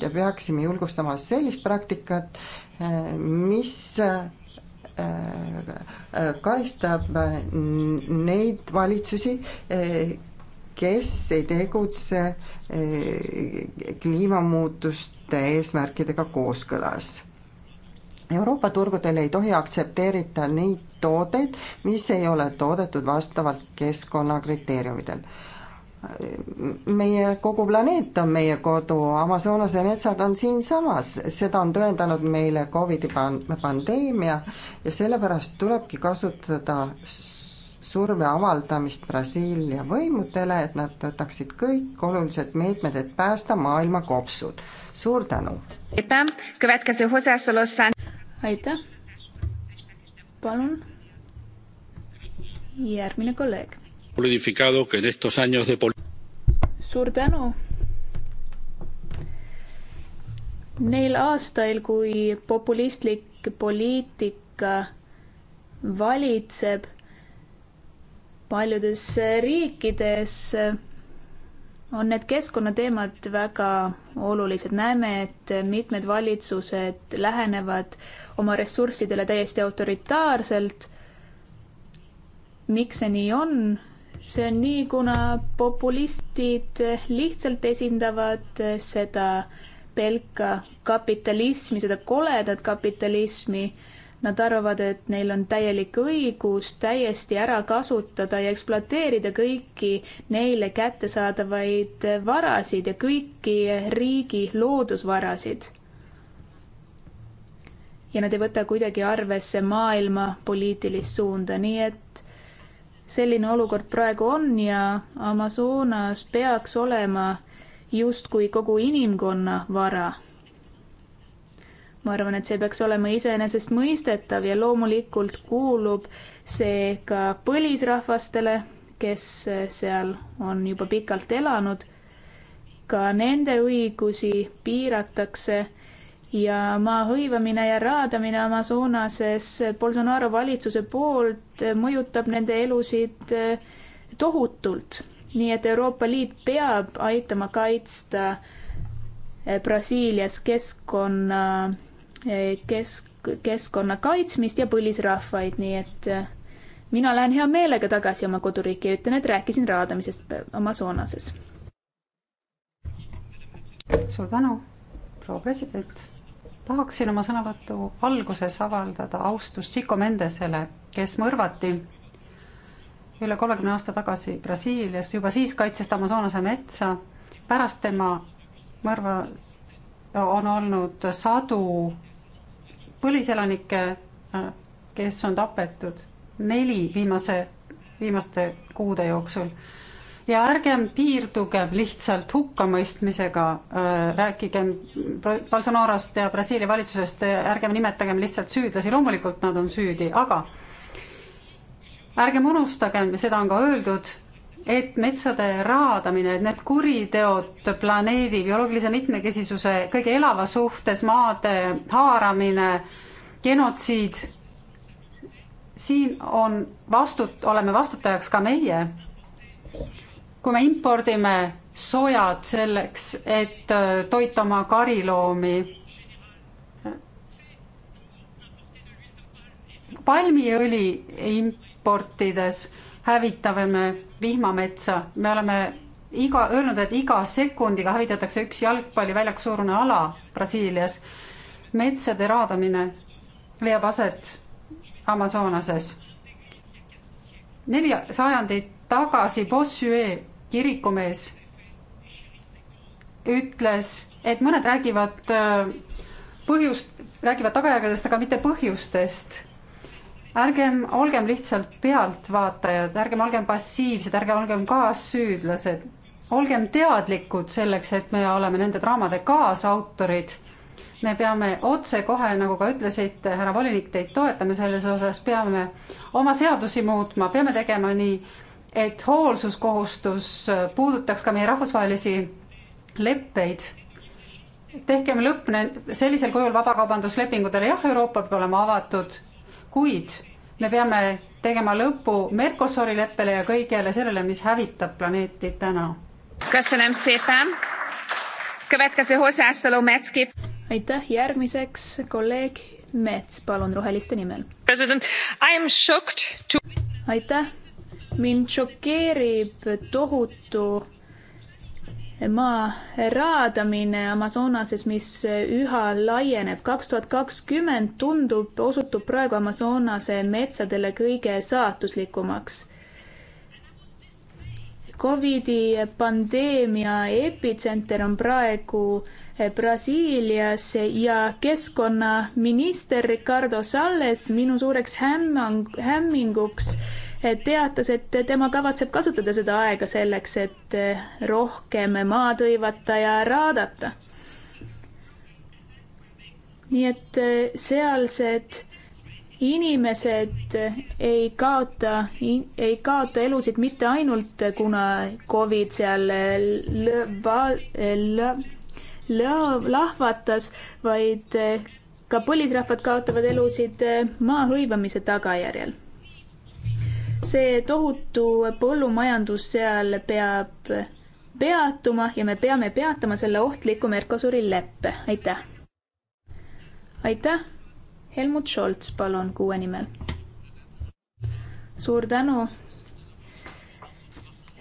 ja peaksime julgustama sellist praktikat, mis äh, karistab neid valitsusi, kes ei tegutse äh, kliimamuutuste eesmärkidega kooskõlas Euroopa turgudel ei tohi aktsepteerida neid tooteid, mis ei ole toodetud vastavalt keskkonnakriteeriumidel meie kogu planeet on meie kodu, Amazonase metsad on siinsamas, seda on tõendanud meile Covidi pandeemia ja sellepärast tulebki kasutada surve avaldamist Brasiilia võimudele, et nad võtaksid kõik olulised meetmed, et päästa maailma kopsud. suur tänu! aitäh! palun, järgmine kolleeg solidificado que en estos años de suur tänu. Neil aastail, kui populistlik poliitika valitseb paljudes riikides, on need keskkonnateemad väga olulised. näeme, et mitmed valitsused lähenevad oma ressurssidele täiesti autoritaarselt. miks see nii on? see on nii, kuna populistid lihtsalt esindavad seda pelka kapitalismi, seda koledat kapitalismi. Nad arvavad, et neil on täielik õigus täiesti ära kasutada ja ekspluateerida kõiki neile kättesaadavaid varasid ja kõiki riigi loodusvarasid. ja nad ei võta kuidagi arvesse maailma poliitilist suunda, nii et selline olukord praegu on ja Amazonas peaks olema justkui kogu inimkonna vara. ma arvan, et see peaks olema iseenesestmõistetav ja loomulikult kuulub see ka põlisrahvastele, kes seal on juba pikalt elanud. ka nende õigusi piiratakse ja maa hõivamine ja raadamine Amazonases Bolsonaro valitsuse poolt mõjutab nende elusid eh, tohutult. nii et Euroopa Liit peab aitama kaitsta eh, Brasiilias keskkonna, eh, kesk, keskkonna kaitsmist ja põlisrahvaid, nii et mina lähen hea meelega tagasi oma koduriiki ja ütlen, et rääkisin raadamisest Amazonases. suur tänu, proua president. tahaksin oma sõnavõtu alguses avaldada austust Siko Mendesele kes mõrvati üle kolmekümne aasta tagasi Brasiilias, juba siis kaitses ta Amazonase metsa, pärast tema mõrva on olnud sadu põliselanikke, äh, kes on tapetud neli viimase, viimaste kuude jooksul. ja ärgem piirdugem lihtsalt hukkamõistmisega, äh, rääkigem Bolsonarost ja Brasiilia valitsusest, ärgem nimetagem lihtsalt süüdlasi, loomulikult nad on süüdi, aga ärgem unustagem, seda on ka öeldud, et metsade raadamine, et need kuriteod planeedi bioloogilise mitmekesisuse kõige elava suhtes, maade haaramine, genotsiid, siin on vastut-, oleme vastutajaks ka meie. kui me impordime sojad selleks, et äh, toita oma kariloomi, palmiõli imp-, raportides hävitame me vihmametsa, me oleme iga, öelnud, et iga sekundiga hävitatakse üks jalgpalliväljaku suurune ala Brasiilias. metsade raadamine leiab aset Amazonases. neli sajandit tagasi Bossuet, kirikumees, ütles, et mõned räägivad äh, põhjust, räägivad tagajärgedest, aga mitte põhjustest ärgem olgem lihtsalt pealtvaatajad, ärgem olgem passiivsed, ärgem olgem kaassüüdlased, olgem teadlikud selleks, et me oleme nende draamade kaasautorid. me peame otsekohe, nagu ka ütlesite, härra volinik, teid toetame selles osas, peame oma seadusi muutma, peame tegema nii, et hoolsuskohustus puudutaks ka meie rahvusvahelisi leppeid tehkem lõpp sellisel kujul vabakaubanduslepingutele, jah, Euroopa peab olema avatud kuid me peame tegema lõpu Mercosuri leppele ja kõigele sellele, mis hävitab planeeti täna. aitäh, järgmiseks kolleeg Mets, palun roheliste nimel. To... aitäh, mind šokeerib tohutu maa raadamine Amazonases, mis üha laieneb. kaks tuhat kakskümmend tundub, osutub praegu Amazonase metsadele kõige saatuslikumaks Covidi pandeemia epitsenter on praegu eh, Brasiilias ja keskkonnaminister Ricardo Salles minu suureks hämmang, hämminguks teatas, et tema kavatseb kasutada seda aega selleks, et eh, rohkem maad hõivata ja raadata. nii et eh, sealsed inimesed eh, ei kaota, ei kaota elusid mitte ainult, kuna Covid seal lahvatas, vaid ka põlisrahvad kaotavad elusid maa hõivamise tagajärjel see tohutu põllumajandus seal peab peatuma ja me peame peatama selle ohtliku Mercosuri leppe, aitäh. aitäh, Helmut Scholz, palun kuue nimel. suur tänu,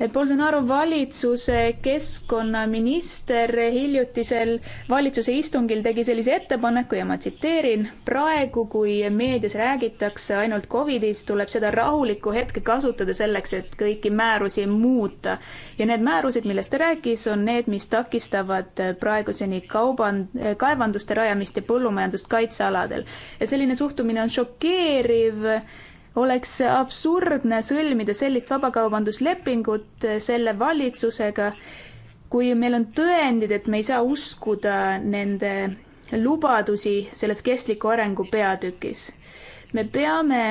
et Bolsonaro valitsuse keskkonnaminister hiljutisel valitsuse istungil tegi sellise ettepaneku ja ma tsiteerin, praegu, kui meedias räägitakse ainult Covidist, tuleb seda rahulikku hetke kasutada selleks, et kõiki määrusi muuta. ja need määrused, millest ta rääkis, on need, mis takistavad praeguseni kauban-, kaevanduste rajamist ja põllumajandust kaitsealadel. ja selline suhtumine on šokeeriv oleks absurdne sõlmida sellist vabakaubanduslepingut selle valitsusega, kui meil on tõendid, et me ei saa uskuda nende lubadusi selles kestliku arengu peatükis. me peame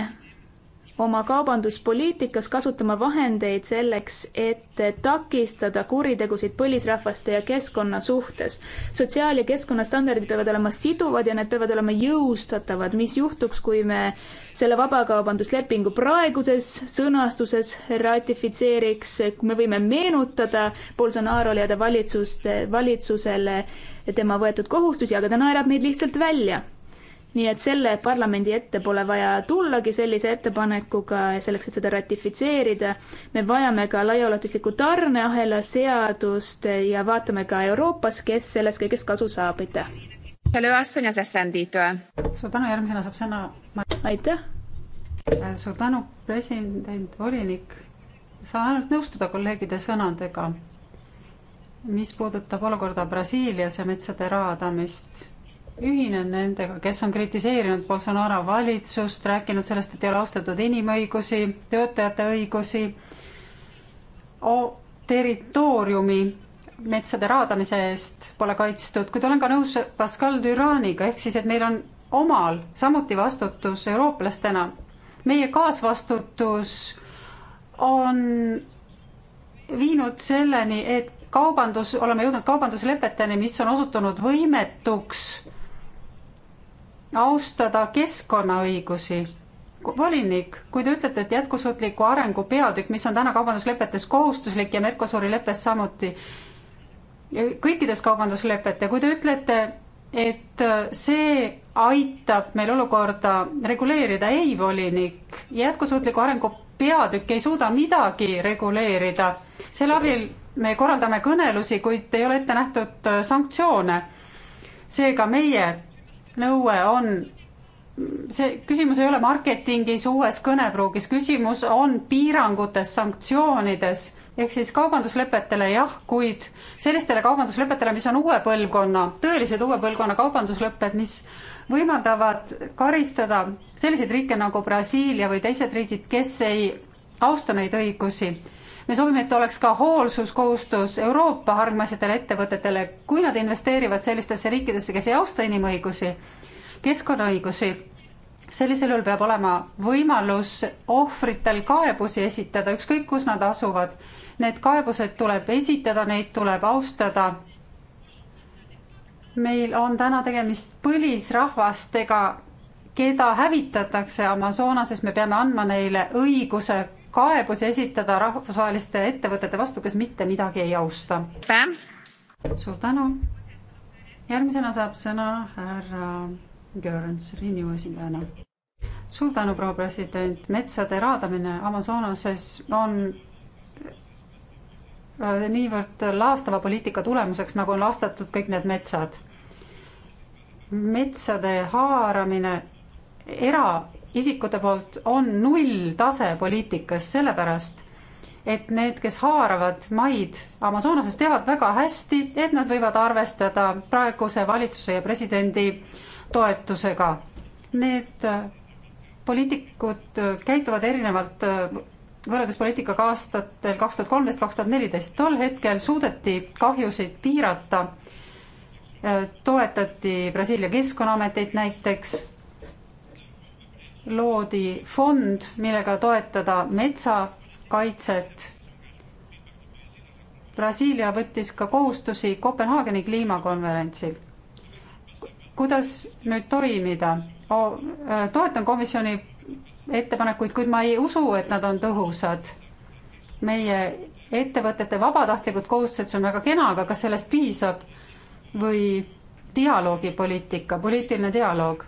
oma kaubanduspoliitikas kasutama vahendeid selleks, et takistada kuritegusid põlisrahvaste ja keskkonna suhtes. sotsiaal- ja keskkonnastandardid peavad olema siduvad ja need peavad olema jõustatavad. mis juhtuks, kui me selle vabakaubanduslepingu praeguses sõnastuses ratifitseeriks, me võime meenutada Bolsonaro'le ja ta valitsust, valitsusele tema võetud kohustusi, aga ta naerab neid lihtsalt välja nii et selle parlamendi ette pole vaja tullagi sellise ettepanekuga ja selleks, et seda ratifitseerida, me vajame ka laiaulatuslikku tarneahela seadust ja vaatame ka Euroopas, kes sellest kõigest kasu saab, aitäh. suur tänu, järgmisena saab sõna ma.... aitäh. Äh, suur tänu, president, volinik. saan ainult nõustuda kolleegide sõnadega, mis puudutab olukorda Brasiilias ja metsade raadamist ühinen nendega, kes on kritiseerinud Bolsonaro valitsust, rääkinud sellest, et ei ole austatud inimõigusi, töötajate õigusi, territooriumi metsade raadamise eest pole kaitstud, kuid olen ka nõus Pascal Düraniga, ehk siis, et meil on omal samuti vastutus eurooplastena. meie kaasvastutus on viinud selleni, et kaubandus, oleme jõudnud kaubanduslepeteni, mis on osutunud võimetuks austada keskkonnaõigusi. volinik, kui te ütlete, et jätkusuutliku arengu peatükk, mis on täna kaubanduslepetes kohustuslik ja Mercosuri leppes samuti, kõikides kaubanduslepete, kui te ütlete, et äh, see aitab meil olukorda reguleerida, ei volinik, jätkusuutliku arengu peatükk ei suuda midagi reguleerida. selle abil me korraldame kõnelusi, kuid ei ole ette nähtud äh, sanktsioone. seega meie nõue on, see küsimus ei ole marketingis, uues kõnepruugis, küsimus on piirangutes, sanktsioonides ehk siis kaubanduslepetele jah, kuid sellistele kaubanduslepetele, mis on uue põlvkonna, tõelised uue põlvkonna kaubanduslepped, mis võimaldavad karistada selliseid riike nagu Brasiilia või teised riigid, kes ei austa neid õigusi me soovime, et oleks ka hoolsuskohustus Euroopa hargmaisetele ettevõtetele, kui nad investeerivad sellistesse riikidesse, kes ei austa inimõigusi, keskkonnaõigusi, sellisel juhul peab olema võimalus ohvritel kaebusi esitada, ükskõik kus nad asuvad. Need kaebused tuleb esitada, neid tuleb austada meil on täna tegemist põlisrahvastega, keda hävitatakse Amazonases, me peame andma neile õiguse kaebusi esitada rahvusvaheliste ettevõtete vastu, kes mitte midagi ei austa. suur tänu. järgmisena saab sõna härra Görens Renew esindajana. suur tänu, proua president. metsade raadamine Amazonases on äh, niivõrd laastava poliitika tulemuseks, nagu on laastatud kõik need metsad. metsade haaramine era isikute poolt on nulltase poliitikas, sellepärast et need, kes haaravad maid Amazonases, teavad väga hästi, et nad võivad arvestada praeguse valitsuse ja presidendi toetusega. Need äh, poliitikud äh, käituvad erinevalt äh, võrreldes poliitikaga aastatel kaks tuhat kolmteist, kaks tuhat neliteist. tol hetkel suudeti kahjusid piirata, toetati Brasiilia keskkonnaameteid näiteks loodi fond, millega toetada metsakaitset. Brasiilia võttis ka kohustusi Kopenhaageni kliimakonverentsil. kuidas nüüd toimida? toetan komisjoni ettepanekuid, kuid ma ei usu, et nad on tõhusad. meie ettevõtete vabatahtlikud kohustused, see on väga kena, aga kas sellest piisab või dialoogipoliitika, poliitiline dialoog?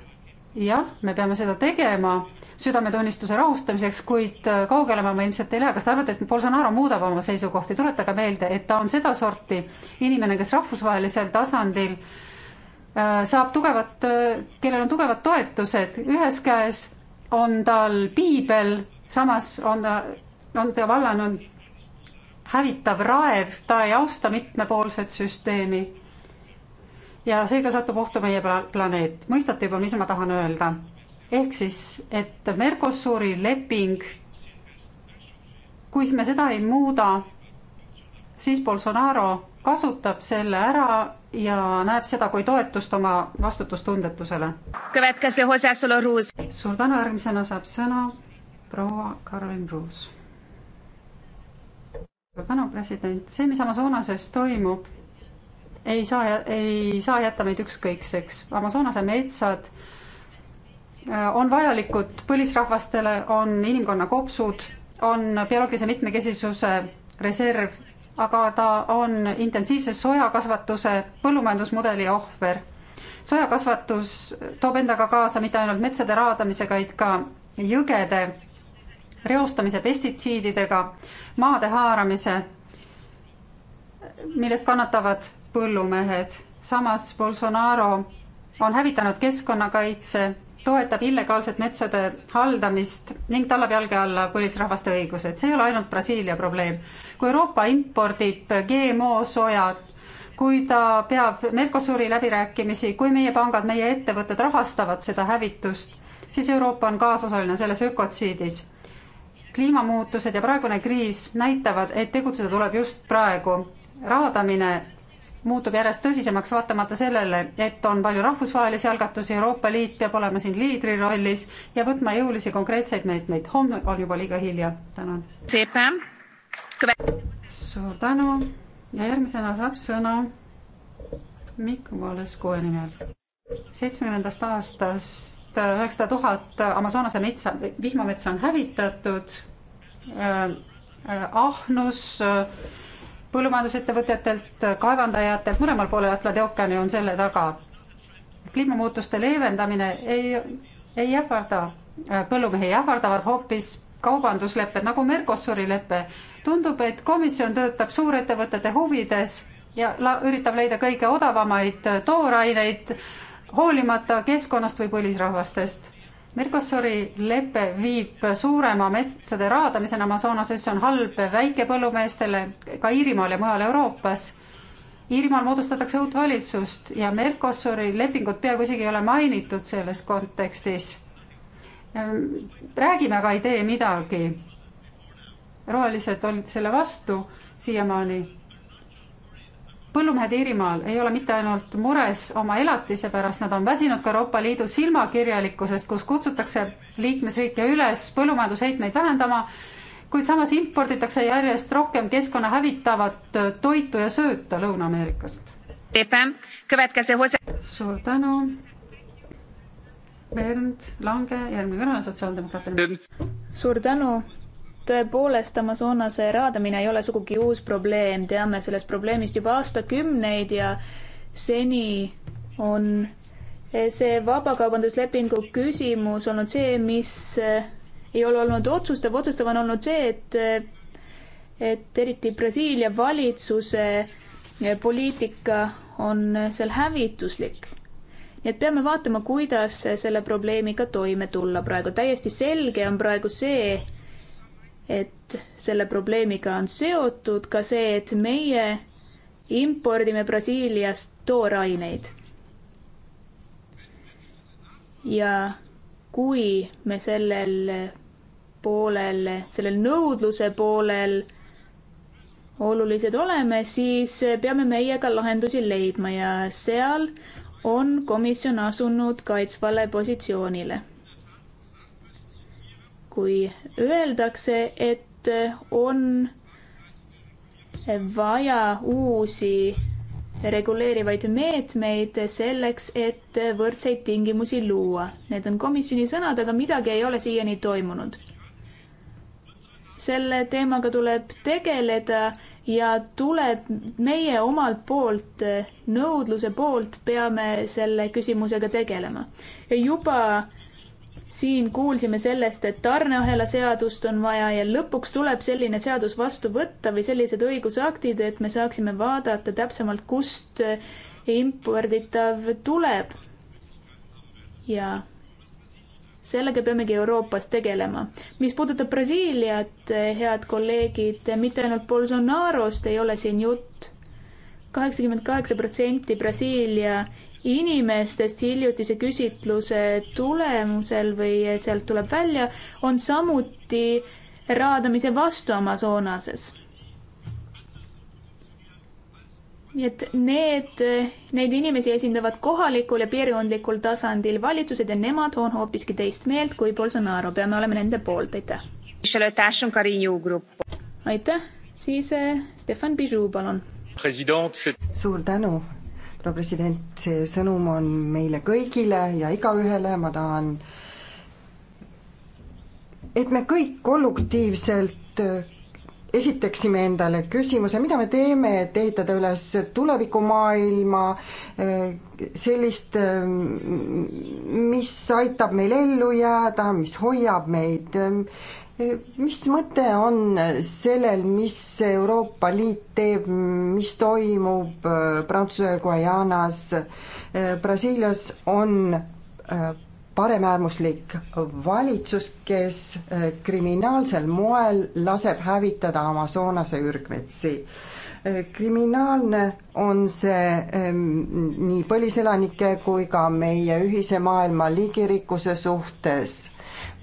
jah, me peame seda tegema südametunnistuse rahustamiseks, kuid äh, kaugele me ilmselt ei lähe. kas te arvate, et Bolsonaro muudab oma seisukohti? tuletage meelde, et ta on sedasorti inimene, kes rahvusvahelisel tasandil äh, saab tugevat, äh, kellel on tugevad toetused, ühes käes on tal piibel, samas on ta, on ta vallanud hävitav raev, ta ei austa mitmepoolset süsteemi ja seega satub ohtu meie planeet. mõistate juba, mis ma tahan öelda? ehk siis, et Mercosuri leping, kui me seda ei muuda, siis Bolsonaro kasutab selle ära ja näeb seda kui toetust oma vastutustundetusele. suur tänu, järgmisena saab sõna proua Carolyn Bruus. suur tänu, president, see, mis Amazonases toimub ei saa, ei saa jätta meid ükskõikseks. Amazonase metsad äh, on vajalikud põlisrahvastele, on inimkonna kopsud, on bioloogilise mitmekesisuse reserv, aga ta on intensiivse sojakasvatuse põllumajandusmudeli ohver. sojakasvatus toob endaga kaasa mitte ainult metsade raadamise, vaid ka jõgede reostamise pestitsiididega, maade haaramise, millest kannatavad põllumehed. samas Bolsonaro on hävitanud keskkonnakaitse, toetab illegaalset metsade haldamist ning tallab jalge alla põlisrahvaste õigused. see ei ole ainult Brasiilia probleem. kui Euroopa impordib GMO sojad, kui ta peab Mercosuri läbirääkimisi, kui meie pangad, meie ettevõtted rahastavad seda hävitust, siis Euroopa on kaasosaline selles ökotsiidis. kliimamuutused ja praegune kriis näitavad, et tegutseda tuleb just praegu. raadamine muutub järjest tõsisemaks, vaatamata sellele, et on palju rahvusvahelisi algatusi, Euroopa Liit peab olema siin liidri rollis ja võtma jõulisi konkreetseid meetmeid. homme on juba liiga hilja. tänan. suur tänu ja järgmisena saab sõna Mikk Valeskoe nimel. seitsmekümnendast aastast äh, üheksasada tuhat Amazonase metsa, vihmametsa on hävitatud äh,. Äh, ahnus äh, põllumajandusettevõtetelt, kaevandajatelt, mõlemal poolel Atlandi ookeani on selle taga. kliimamuutuste leevendamine ei, ei ähvarda põllumehi, ähvardavad hoopis kaubanduslepped nagu Mercosuri lepe. tundub, et komisjon töötab suurettevõtete huvides ja la, üritab leida kõige odavamaid tooraineid, hoolimata keskkonnast või põlisrahvastest Mercosuri lepe viib suurema metsade raadamisena Amazonases, see on halb väikepõllumeestele ka Iirimaal ja mujal Euroopas. Iirimaal moodustatakse uut valitsust ja Mercosuri lepingut peaaegu isegi ei ole mainitud selles kontekstis. Ehm, räägime, aga ei tee midagi. rohelised olid selle vastu siiamaani põllumehed Iirimaal ei ole mitte ainult mures oma elatise pärast, nad on väsinud ka Euroopa Liidu silmakirjalikkusest, kus kutsutakse liikmesriike üles põllumajandusheitmeid vähendama, kuid samas imporditakse järjest rohkem keskkonna hävitavat toitu ja sööta Lõuna-Ameerikast. suur tänu. Bernd Lange, järgmine kõneleja sotsiaaldemokraatidele. suur tänu tõepoolest, Amazonase raadamine ei ole sugugi uus probleem, teame sellest probleemist juba aastakümneid ja seni on see vabakaubanduslepingu küsimus olnud see, mis ei ole olnud otsustav, otsustav on olnud see, et et eriti Brasiilia valitsuse poliitika on seal hävituslik nii et peame vaatama, kuidas selle probleemiga toime tulla praegu. täiesti selge on praegu see, et selle probleemiga on seotud ka see, et meie impordime Brasiiliast tooraineid. ja kui me sellel poolel, sellel nõudluse poolel olulised oleme, siis peame meie ka lahendusi leidma ja seal on komisjon asunud kaitsvale positsioonile kui öeldakse, et on vaja uusi reguleerivaid meetmeid selleks, et võrdseid tingimusi luua. Need on komisjoni sõnad, aga midagi ei ole siiani toimunud. selle teemaga tuleb tegeleda ja tuleb meie omalt poolt, nõudluse poolt peame selle küsimusega tegelema. juba siin kuulsime sellest, et tarneahela seadust on vaja ja lõpuks tuleb selline seadus vastu võtta või sellised õigusaktid, et me saaksime vaadata täpsemalt, kust imporditav tuleb. ja sellega peamegi Euroopas tegelema. mis puudutab Brasiiliat, head kolleegid, mitte ainult Bolsonarost ei ole siin jutt. kaheksakümmend kaheksa protsenti Brasiilia inimestest hiljutise küsitluse tulemusel või sealt tuleb välja, on samuti raadamise vastu Amazonases nii et need, neid inimesi esindavad kohalikul ja piirkondlikul tasandil valitsused ja nemad on hoopiski teist meelt kui Bolsonaro, peame olema nende poolt, aitäh. aitäh, siis eh, Stefan Bijou, palun. suur tänu, proua president, see sõnum on meile kõigile ja igaühele, ma tahan et me kõik kollektiivselt äh, esitaksime endale küsimuse, mida me teeme, et ehitada üles tulevikumaailma, äh, sellist, äh, mis aitab meil ellu jääda, mis hoiab meid, mis mõte on sellel, mis Euroopa Liit teeb, mis toimub äh, Prantsuse Guajanas, äh, Brasiilias on äh, paremäärmuslik valitsus, kes kriminaalsel moel laseb hävitada Amazonase ürgmetsi. kriminaalne on see ähm, nii põliselanike kui ka meie ühise maailma liigirikkuse suhtes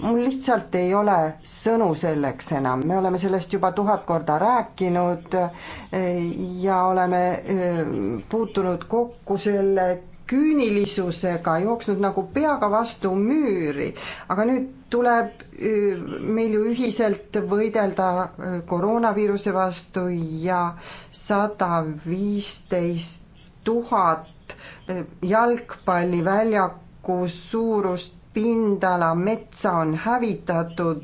mul lihtsalt ei ole sõnu selleks enam, me oleme sellest juba tuhat korda rääkinud e, ja oleme e, puutunud kokku selle küünilisusega, jooksnud nagu peaga vastu müüri, aga nüüd tuleb e, meil ju ühiselt võidelda koroonaviiruse vastu ja sada viisteist tuhat jalgpalliväljaku suurust pindala metsa on hävitatud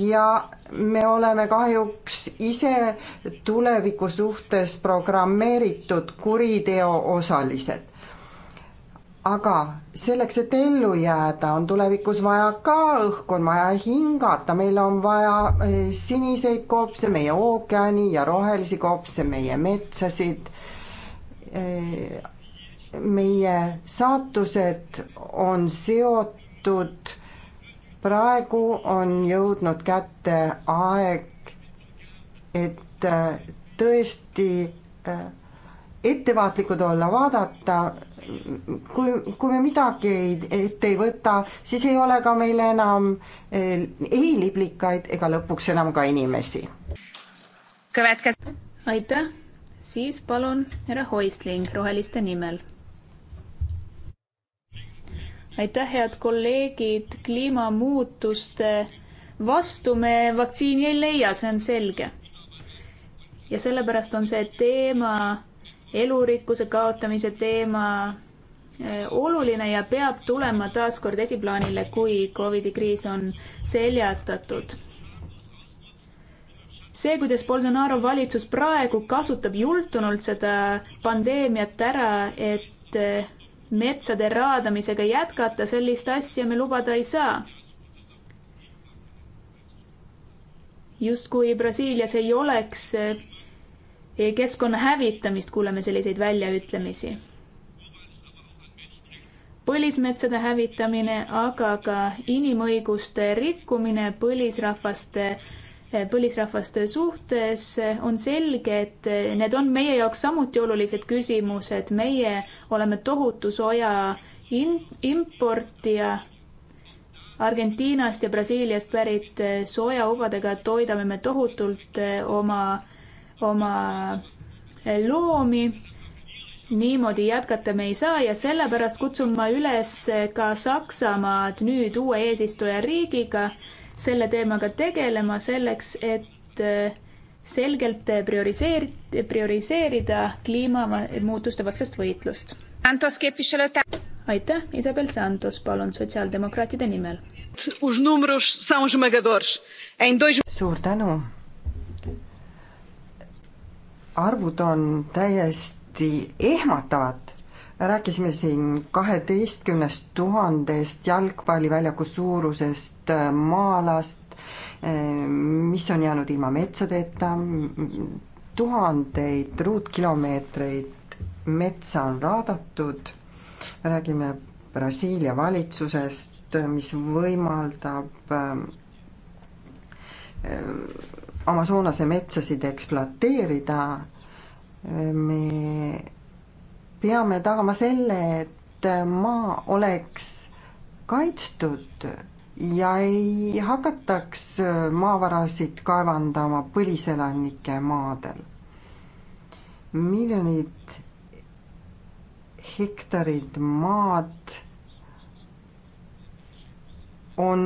ja me oleme kahjuks ise tuleviku suhtes programmeeritud kuriteo osalised. aga selleks, et ellu jääda, on tulevikus vaja ka õhku, on vaja hingata, meil on vaja eh, siniseid koopse meie ookeani ja rohelisi koopse meie metsasid eh, meie saatused on seotud tehtud. praegu on jõudnud kätte aeg, et äh, tõesti äh, ettevaatlikud olla, vaadata, kui, kui me midagi ei, ette ei võta, siis ei ole ka meil enam äh, ei liblikaid ega lõpuks enam ka inimesi. aitäh, siis palun härra Hoisling Roheliste nimel aitäh, head kolleegid, kliimamuutuste vastu me vaktsiini ei leia, see on selge. ja sellepärast on see teema, elurikkuse kaotamise teema eh, oluline ja peab tulema taaskord esiplaanile, kui Covidi kriis on seljatatud. see, kuidas Bolsonaro valitsus praegu kasutab jultunult seda pandeemiat ära, et eh, metsade raadamisega jätkata, sellist asja me lubada ei saa. justkui Brasiilias ei oleks eh, keskkonna hävitamist, kuuleme selliseid väljaütlemisi. põlismetsade hävitamine, aga ka inimõiguste rikkumine, põlisrahvaste põlisrahvaste suhtes, on selge, et need on meie jaoks samuti olulised küsimused, meie oleme tohutu soja in-, importija. Argentiinast ja Brasiiliast pärit soojahubadega toidame me tohutult oma, oma loomi niimoodi jätkata me ei saa ja sellepärast kutsun ma üles ka Saksamaad nüüd uue eesistujariigiga selle teemaga tegelema selleks, et äh, selgelt äh, prioriseer-, prioriseerida kliimamuutuste vastast võitlust. aitäh, Isabel Santos, palun sotsiaaldemokraatide nimel. suur tänu. arvud on täiesti ehmatavad me rääkisime siin kaheteistkümnest tuhandest jalgpalliväljaku suurusest äh, maa-alast, äh, mis on jäänud ilma metsadeta, tuhandeid ruutkilomeetreid metsa on raadatud, me räägime Brasiilia valitsusest, äh, mis võimaldab Amazonase metsasid ekspluateerida, me peame tagama selle, et maa oleks kaitstud ja ei hakataks maavarasid kaevandama põliselanike maadel. miljonid hektarid maad on,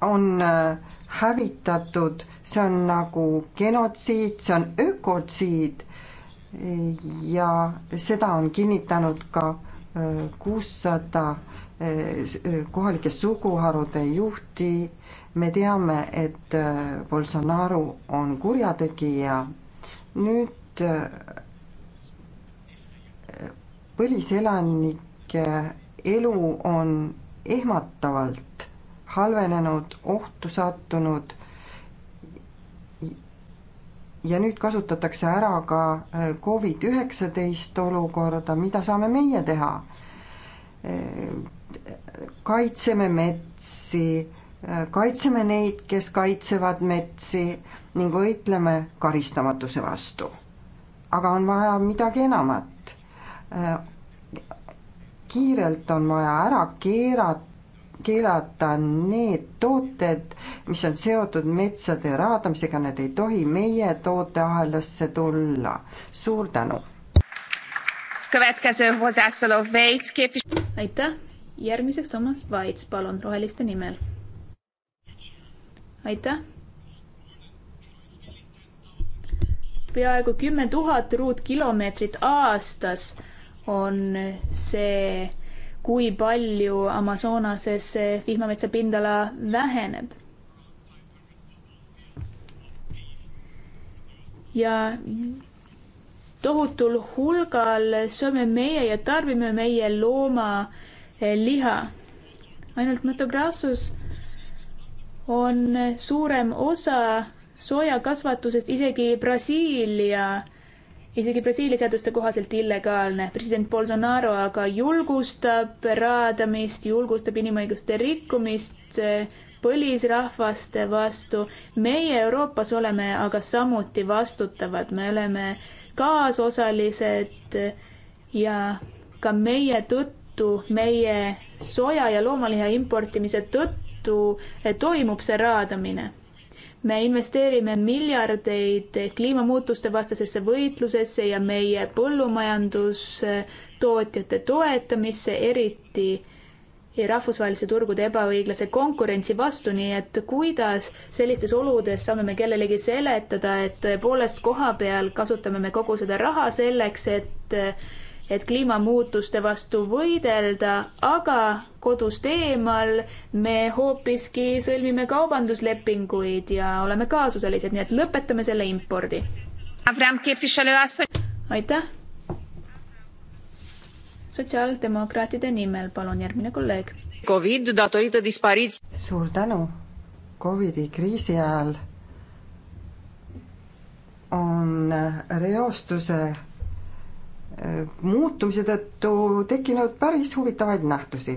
on äh, hävitatud, see on nagu genotsiid, see on ökotsiid ja seda on kinnitanud ka äh, kuussada äh, äh, kohalike suguharude juhti. me teame, et Bolsonaro on kurjategija. nüüd põliselanike elu on ehmatavalt halvenenud, ohtu sattunud ja nüüd kasutatakse ära ka äh, Covid-19 olukorda, mida saame meie teha? Äh, kaitseme metsi, äh, kaitseme neid, kes kaitsevad metsi ning võitleme karistamatuse vastu. aga on vaja midagi enamat. kiirelt on vaja ära keerata keelata need tooted, mis on seotud metsade raadamisega, need ei tohi meie tooteahelasse tulla. suur tänu. aitäh, järgmiseks Toomas Vaits, palun, Roheliste nimel. aitäh. peaaegu kümme tuhat ruutkilomeetrit aastas on see kui palju Amazonases vihmametsa pindala väheneb. ja tohutul hulgal sööme meie ja tarbime meie loomaliha. Eh, ainult Mato Grossos on suurem osa soojakasvatusest isegi Brasiilia isegi Brasiilia seaduste kohaselt illegaalne. president Bolsonaro aga julgustab raadamist, julgustab inimõiguste rikkumist eh, põlisrahvaste vastu. meie Euroopas oleme aga samuti vastutavad, me oleme kaasosalised eh, ja ka meie tõttu, meie soja ja loomaliha importimise tõttu eh, toimub see raadamine me investeerime miljardeid kliimamuutuste vastasesse võitlusesse ja meie põllumajandustootjate toetamisse, eriti rahvusvaheliste turgude ebaõiglase konkurentsi vastu, nii et kuidas sellistes oludes saame me kellelegi seletada, et tõepoolest koha peal kasutame me kogu seda raha selleks, et et kliimamuutuste vastu võidelda, aga kodust eemal me hoopiski sõlmime kaubanduslepinguid ja oleme kaasosalised, nii et lõpetame selle impordi. aitäh. sotsiaaldemokraatide nimel, palun järgmine kolleeg. Covid datorită dispariției. suur tänu. Covidi kriisi ajal on reostuse Äh, muutumise tõttu tekkinud päris huvitavaid nähtusi.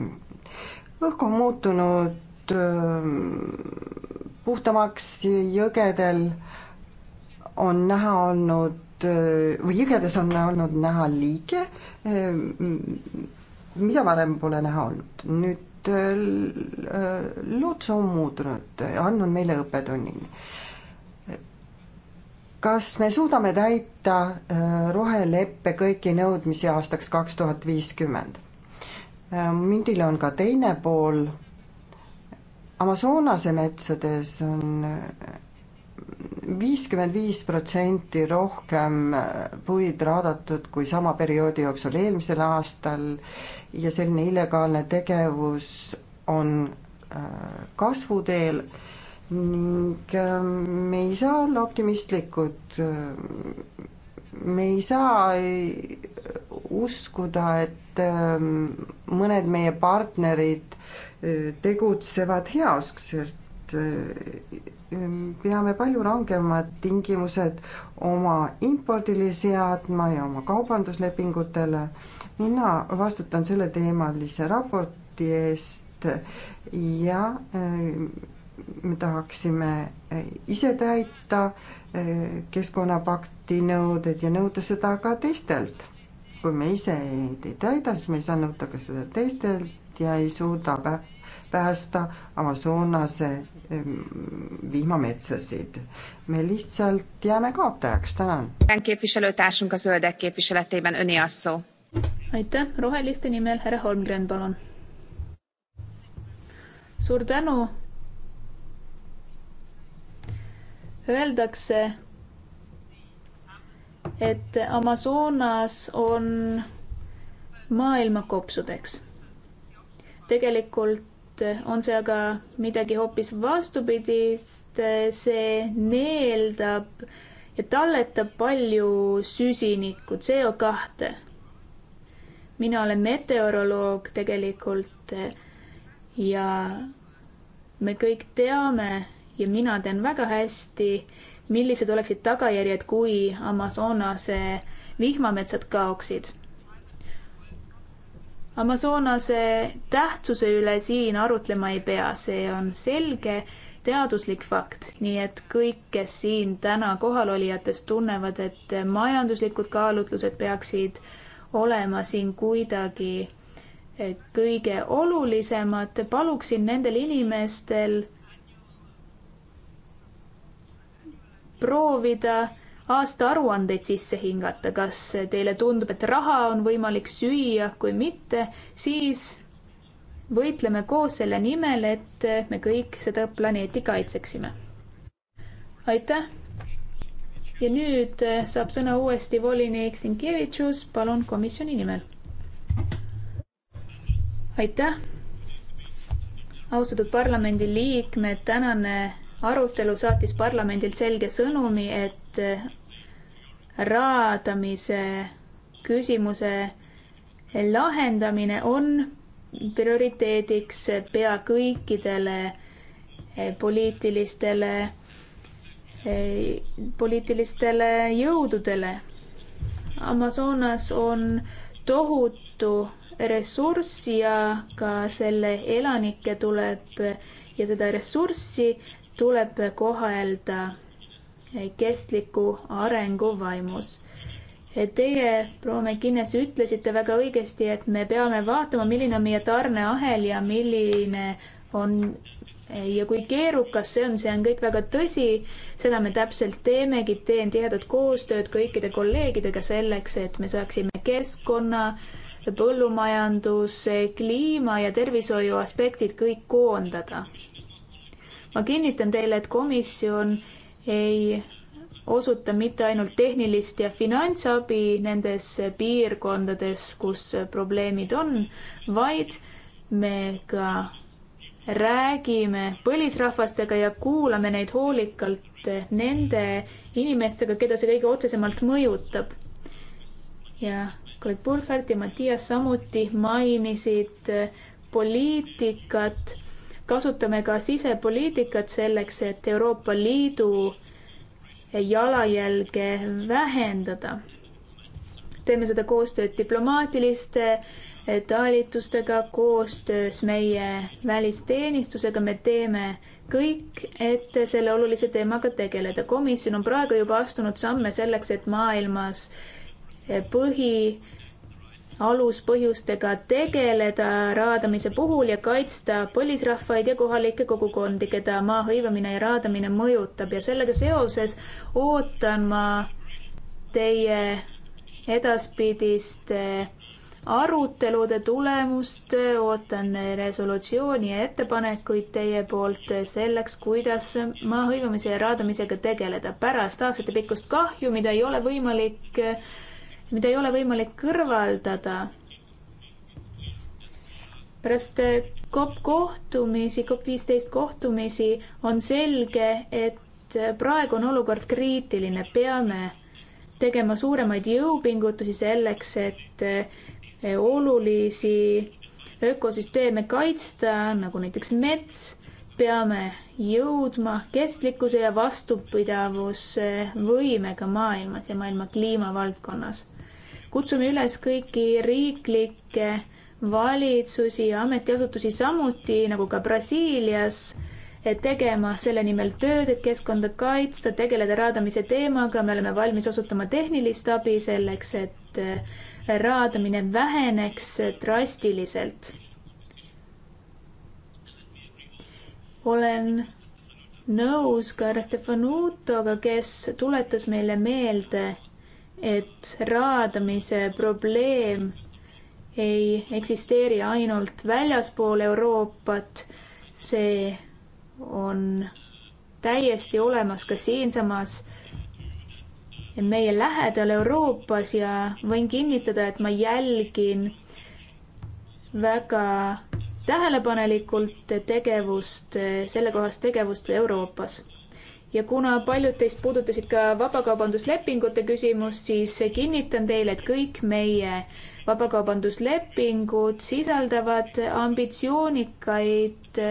õhk on muutunud äh, puhtamaks jõgedel, on näha olnud äh, või jõgedes on olnud näha liige, mida varem pole näha olnud. nüüd loodus on muutunud, andnud meile õppetunni kas me suudame täita äh, roheleppe kõiki nõudmisi aastaks kaks tuhat viiskümmend? Äh, mündil on ka teine pool. Amazonase metsades on äh, viiskümmend viis protsenti rohkem puid raadatud kui sama perioodi jooksul eelmisel aastal ja selline illegaalne tegevus on kasvuteel ning ähm, me ei saa olla optimistlikud. me ei saa äh, uskuda, et ähm, mõned meie partnerid äh, tegutsevad heauskselt. Äh, peame palju rangemad tingimused oma impordile seadma ja oma kaubanduslepingutele. mina vastutan selleteemalise raporti eest ja me tahaksime eh, ise täita eh, keskkonnapakti nõuded ja nõuda seda ka teistelt. kui me ise neid ei täida, siis me ei saa nõuda ka seda teistelt ja ei suuda päästa Amazonase vihmametsasid. me lihtsalt jääme kaotajaks, tänan. aitäh, roheliste nimel härra Holmgren, palun. suur tänu öeldakse, et Amazonas on maailma kopsudeks. tegelikult on see aga midagi hoopis vastupidist, see neeldab ja talletab palju süsinikku, CO kahte. mina olen meteoroloog tegelikult ja me kõik teame, ja mina tean väga hästi, millised oleksid tagajärjed, kui Amazonase vihmametsad kaoksid. Amazonase tähtsuse üle siin arutlema ei pea, see on selge teaduslik fakt, nii et kõik, kes siin täna kohalolijatest tunnevad, et majanduslikud kaalutlused peaksid olema siin kuidagi eh, kõige olulisemad, paluksin nendel inimestel proovida aastaaruandeid sisse hingata, kas teile tundub, et raha on võimalik süüa, kui mitte, siis võitleme koos selle nimel, et me kõik seda planeeti kaitseksime. aitäh. ja nüüd saab sõna uuesti volinik Sinkevitšus, palun komisjoni nimel. aitäh. austatud parlamendiliikmed, tänane arutelu saatis parlamendilt selge sõnumi, et raadamise küsimuse lahendamine on prioriteediks pea kõikidele eh, poliitilistele, eh, poliitilistele jõududele. Amazonas on tohutu ressurss ja ka selle elanikke tuleb ja seda ressurssi tuleb kohelda kestliku arengu vaimus. Teie, proua McInnes, ütlesite väga õigesti, et me peame vaatama, milline on meie tarneahel ja milline on ja kui keerukas see on, see on kõik väga tõsi, seda me täpselt teemegi, teen tihedat koostööd kõikide kolleegidega selleks, et me saaksime keskkonna, põllumajandus, kliima ja tervishoiu aspektid kõik koondada ma kinnitan teile, et komisjon ei osuta mitte ainult tehnilist ja finantsabi nendes piirkondades, kus probleemid on, vaid me ka räägime põlisrahvastega ja kuulame neid hoolikalt nende inimestega, keda see kõige otsesemalt mõjutab. ja kolleeg Burkhardt ja Mattias samuti mainisid poliitikat kasutame ka sisepoliitikat selleks, et Euroopa Liidu jalajälge vähendada. teeme seda koostööd diplomaatiliste eh, talitustega, koostöös meie välisteenistusega, me teeme kõik, et selle olulise teemaga tegeleda. komisjon on praegu juba astunud samme selleks, et maailmas eh, põhi aluspõhjustega tegeleda raadamise puhul ja kaitsta põlisrahvaid ja kohalikke kogukondi, keda maa hõivamine ja raadamine mõjutab ja sellega seoses ootan ma teie edaspidiste arutelude tulemust, ootan resolutsiooni ja ettepanekuid teie poolt selleks, kuidas maa hõivamise ja raadamisega tegeleda pärast aastatepikkust kahju, mida ei ole võimalik mida ei ole võimalik kõrvaldada. pärast COP kohtumisi, COP viisteist kohtumisi on selge, et praegu on olukord kriitiline, peame tegema suuremaid jõupingutusi selleks, et olulisi ökosüsteeme kaitsta, nagu näiteks mets, peame jõudma kestlikkuse ja vastupidavusvõimega maailmas ja maailma kliima valdkonnas kutsume üles kõiki riiklikke valitsusi ja ametiasutusi samuti nagu ka Brasiilias tegema selle nimel tööd, et keskkonda kaitsta, tegeleda raadamise teemaga, me oleme valmis osutama tehnilist abi selleks, et äh, raadamine väheneks drastiliselt. olen nõus ka härra Stefanutoga, kes tuletas meile meelde, et raadamise probleem ei eksisteeri ainult väljaspool Euroopat, see on täiesti olemas ka siinsamas meie lähedal Euroopas ja võin kinnitada, et ma jälgin väga tähelepanelikult tegevust, sellekohast tegevust Euroopas ja kuna paljud teist puudutasid ka vabakaubanduslepingute küsimust, siis kinnitan teile, et kõik meie vabakaubanduslepingud sisaldavad ambitsioonikaid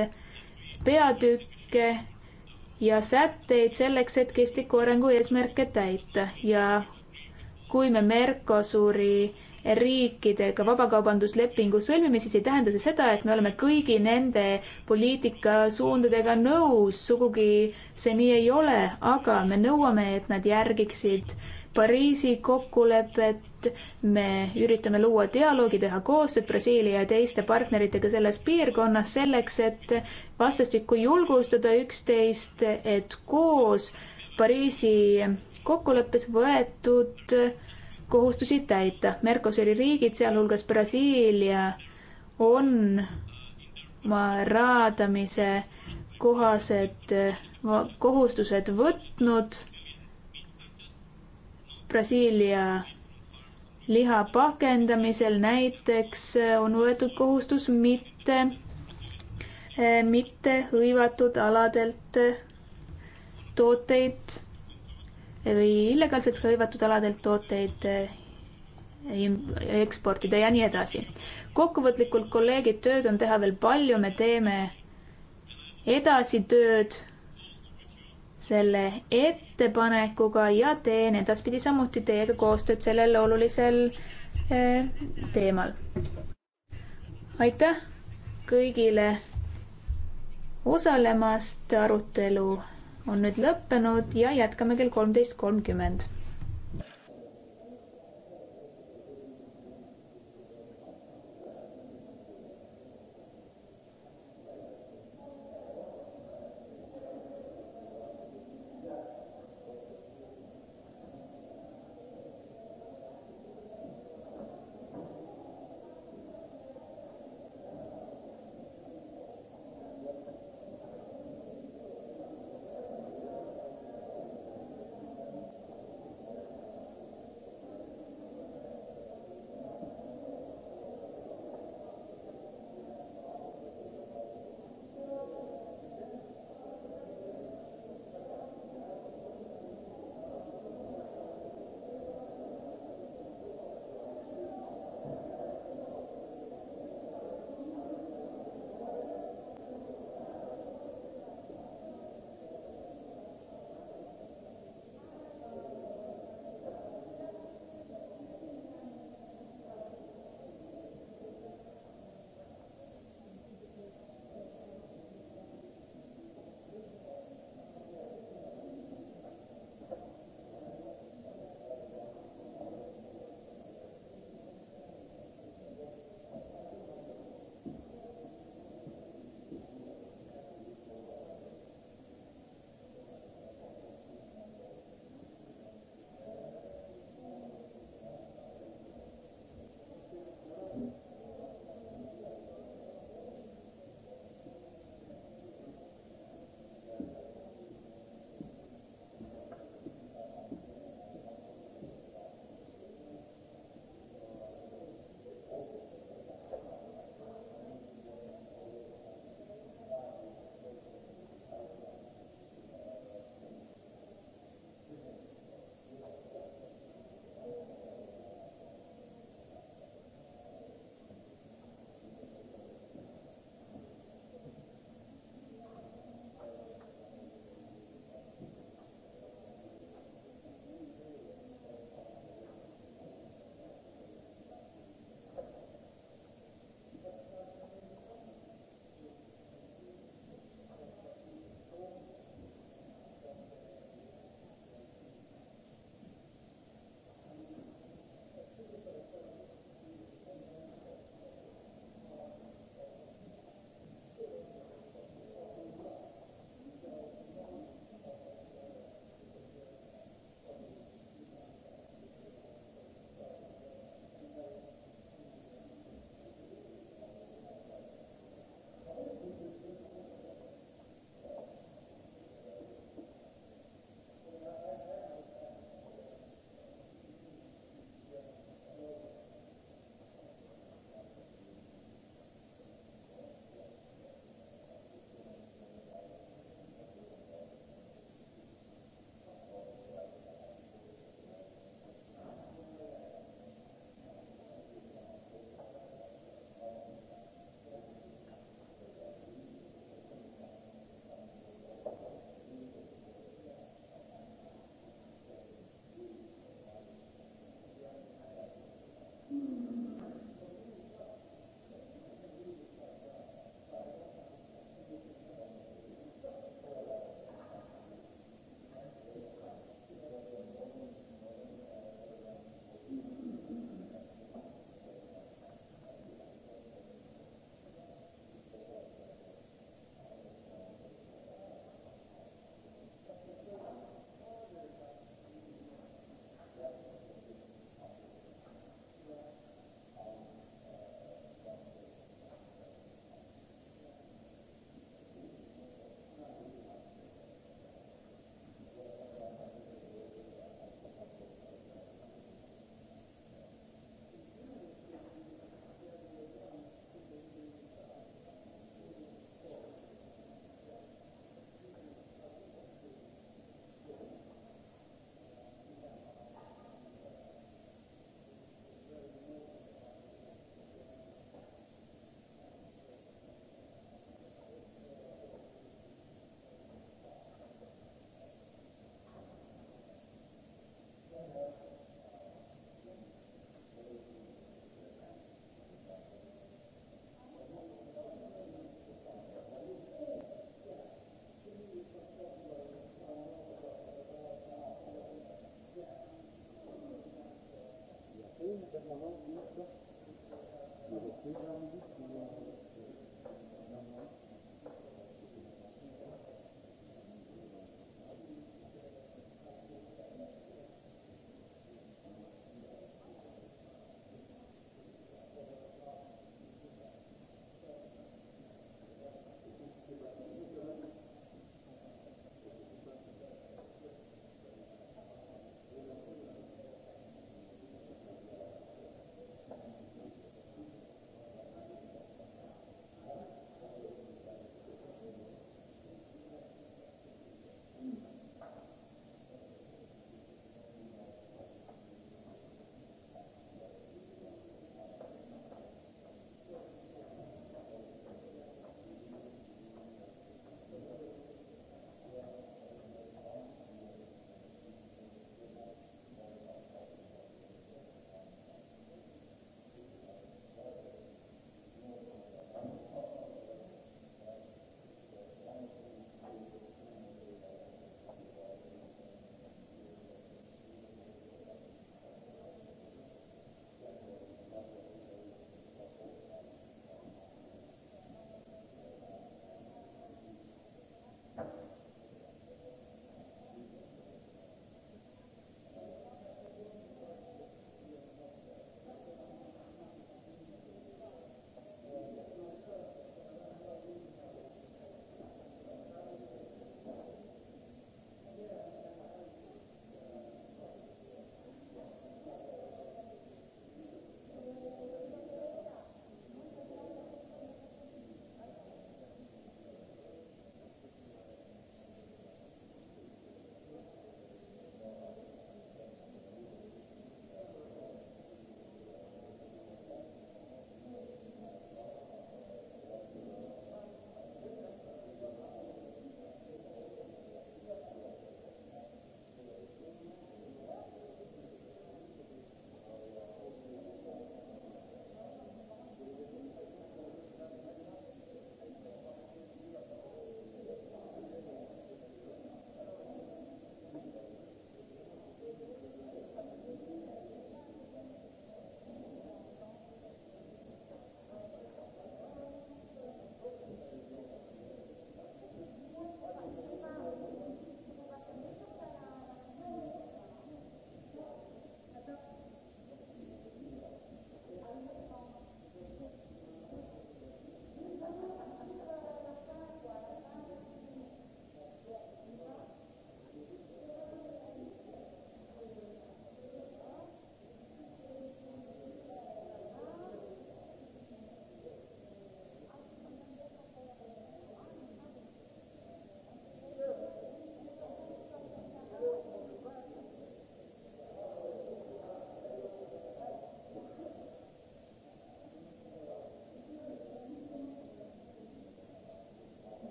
peatükke ja sätteid selleks, et kestliku arengu eesmärke täita ja kui me Mercosuri riikidega vabakaubanduslepingu sõlmime, siis ei tähenda see seda, et me oleme kõigi nende poliitikasuundadega nõus, sugugi see nii ei ole, aga me nõuame, et nad järgiksid Pariisi kokkulepet, me üritame luua dialoogi, teha koostööd Brasiilia ja teiste partneritega selles piirkonnas selleks, et vastastikku julgustada üksteist, et koos Pariisi kokkuleppes võetud äh, kohustusi täita. Mercosuri riigid, sealhulgas Brasiilia, on maa raadamise kohased kohustused võtnud. Brasiilia liha pakendamisel näiteks on võetud kohustus mitte, mitte hõivatud aladelt tooteid või illegaalselt hõivatud aladelt tooteid eksportida ja nii edasi. kokkuvõtlikult, kolleegid, tööd on teha veel palju, me teeme edasi tööd selle ettepanekuga ja teen edaspidi samuti teiega koostööd sellel olulisel eh, teemal. aitäh kõigile osalemast arutelu on nüüd lõppenud ja jätkame kell kolmteist kolmkümmend.